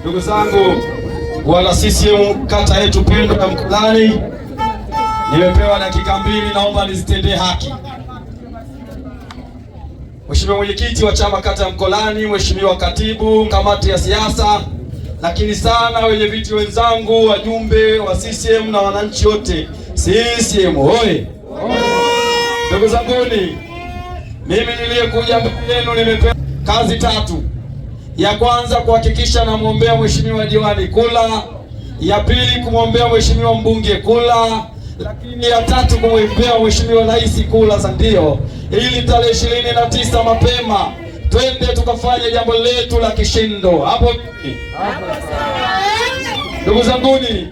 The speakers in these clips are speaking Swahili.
Ndugu zangu wana CCM kata yetu Pindu ya Mkolani, nimepewa dakika mbili, naomba nizitendee haki. Mheshimiwa mwenyekiti wa chama kata ya Mkolani, mheshimiwa katibu kamati ya siasa, lakini sana wenye viti wenzangu, wajumbe wa CCM na wananchi wote, CCM oye! Ndugu zanguni mimi niliyekuja mbele nimepewa kazi tatu. Ya kwanza kuhakikisha namwombea mheshimiwa diwani kula, ya pili kumwombea mheshimiwa mbunge kula, lakini ya tatu kumwombea mheshimiwa rais kula za ndio, ili tarehe ishirini na tisa mapema twende tukafanye jambo letu la kishindo. Hapo ndugu zanguni,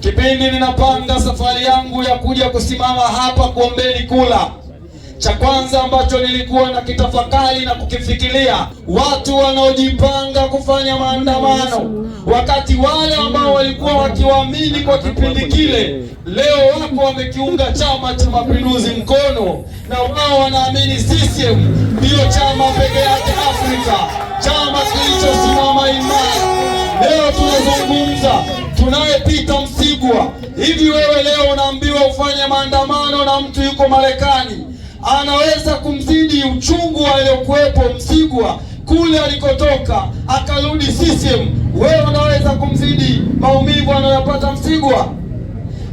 kipindi ninapanga safari yangu ya kuja kusimama hapa kuombeni kula cha kwanza ambacho nilikuwa na kitafakari na kukifikiria, watu wanaojipanga kufanya maandamano, wakati wale ambao walikuwa wakiwaamini kwa kipindi kile, leo wapo wamekiunga Chama cha Mapinduzi mkono, na wao wanaamini CCM ndiyo chama pekee yake Afrika, chama kilichosimama imara. Leo tunazungumza, tunayepita Msigwa, hivi wewe leo unaambiwa ufanye maandamano na mtu yuko Marekani anaweza kumzidi uchungu aliyokuwepo Msigwa kule alikotoka akarudi CCM. Wewe unaweza kumzidi maumivu anayopata Msigwa?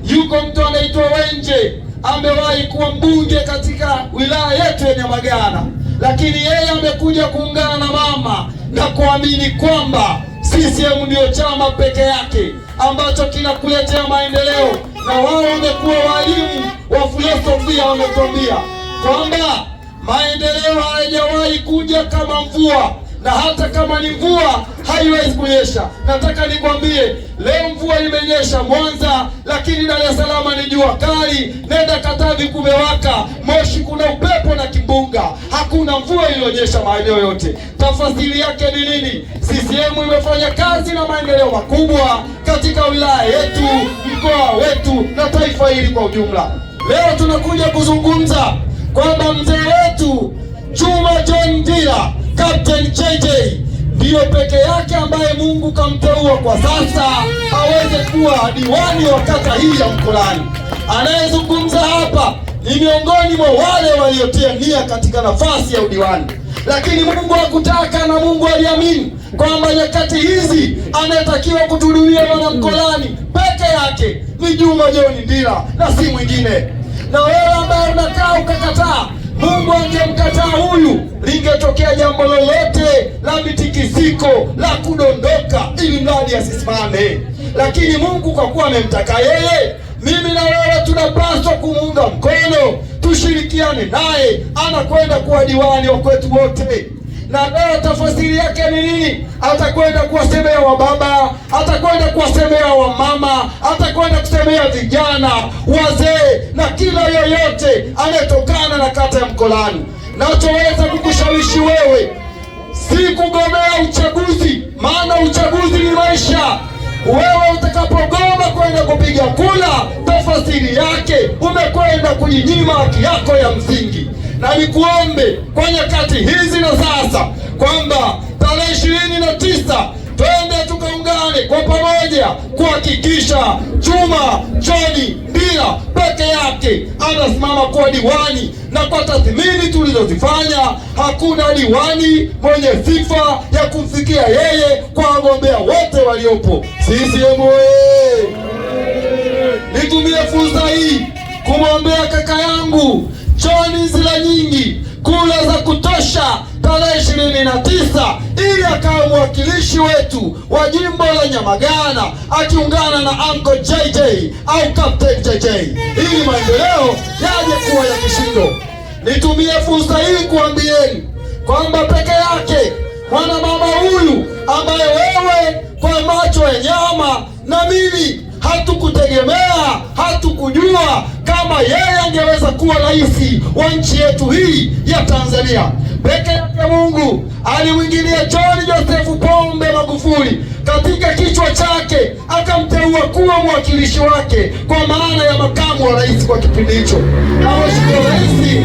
Yuko mtu anaitwa Wenje amewahi kuwa mbunge katika wilaya yetu ya Nyamagana, lakini yeye amekuja kuungana na mama na kuamini kwamba CCM ndiyo chama peke yake ambacho kinakuletea maendeleo, na wao wamekuwa walimu wa filosofia, wametuambia kwamba maendeleo hayajawahi kuja kama mvua, na hata kama ni mvua haiwezi kunyesha. Nataka nikwambie leo mvua imenyesha Mwanza, lakini Dar es Salaam ni jua kali. Nenda Katavi kumewaka moshi, kuna upepo na kimbunga, hakuna mvua iliyonyesha maeneo yote. Tafasiri yake ni nini? CCM imefanya kazi na maendeleo makubwa katika wilaya yetu, mkoa wetu na taifa hili kwa ujumla. Leo tunakuja kuzungumza kwamba mzee wetu Chuma John Ndila Captain JJ ndiyo peke yake ambaye Mungu kamteua kwa sasa aweze kuwa diwani wa kata hii ya Mkolani. Anayezungumza hapa ni miongoni mwa wale waliotia nia katika nafasi ya udiwani, lakini Mungu hakutaka na Mungu aliamini kwamba nyakati hizi anayetakiwa kutuhudumia mwanamkolani peke yake ni Juma John Ndila na si mwingine. Na wewe ambaye unakaa ukakataa, Mungu angemkataa huyu, lingetokea jambo lolote la mitikisiko la kudondoka, ili mradi asisimame. Lakini Mungu kwa kuwa amemtaka yeye, mimi na wewe tunapaswa kumuunga mkono, tushirikiane naye. Anakwenda kuwa diwani wa kwetu wote na leo tafasiri yake ni nini? Atakwenda kuwasemea wababa, atakwenda kuwasemea wamama, atakwenda kusemea vijana, wazee na kila yoyote anayetokana na kata ya Mkolani. Nachoweza kukushawishi wewe si kugomea uchaguzi, maana uchaguzi ni maisha. Wewe utakapogoma kwenda kupiga kula, tafasiri yake umekwenda kujinyima haki yako ya msingi na nikuombe kwa nyakati hizi na sasa kwamba tarehe ishirini na tisa twende tukaungane kwa pamoja kuhakikisha Chuma Choni bila peke yake anasimama kuwa diwani, na kwa tathmini tulizozifanya hakuna diwani mwenye sifa ya kumfikia yeye kwa wagombea wote waliopo. CCM Nitumie fursa hii kumwombea kaka yangu Njoni zile nyingi, kula za kutosha tarehe ishirini na tisa ili akawa mwakilishi wetu wa jimbo la Nyamagana akiungana na Uncle JJ au Captain JJ ili maendeleo yaje kuwa ya kishindo. Nitumie fursa hii kuambieni kwamba peke yake mwana baba huyu ambaye wewe kwa macho ya nyama na mimi hatukutegemea hatukujua kama yeye angeweza kuwa rais wa nchi yetu hii ya Tanzania peke yake Mungu alimwingilia John Joseph Pombe Magufuli katika kichwa chake akamteua kuwa mwakilishi wake kwa maana ya makamu wa rais kwa kipindi hicho. Na mheshimiwa rais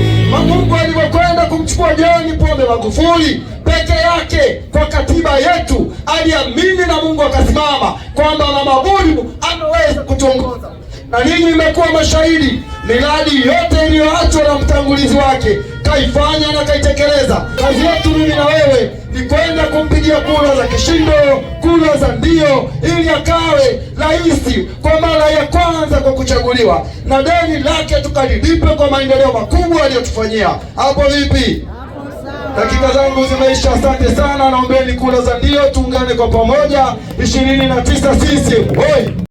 Mungu alivyokwenda kumchukua John Pombe Magufuli peke yake kwa katiba yetu, aliamini na Mungu akasimama kwamba Mama Mwalimu anaweza kutuongoza na ninyi mmekuwa mashahidi. Miradi yote iliyoachwa na mtangulizi wake kaifanya na kaitekeleza. Kazi yetu mimi na wewe ni kwenda kumpigia kura za kishindo, kura za ndio, ili akawe rais kwa mara ya kwanza kwa kuchaguliwa, na deni lake tukalilipe kwa maendeleo makubwa aliyotufanyia. Hapo vipi? Dakika zangu zimeisha, asante sana. Naombeni kura za ndio, tuungane kwa pamoja. ishirini na tisa sisi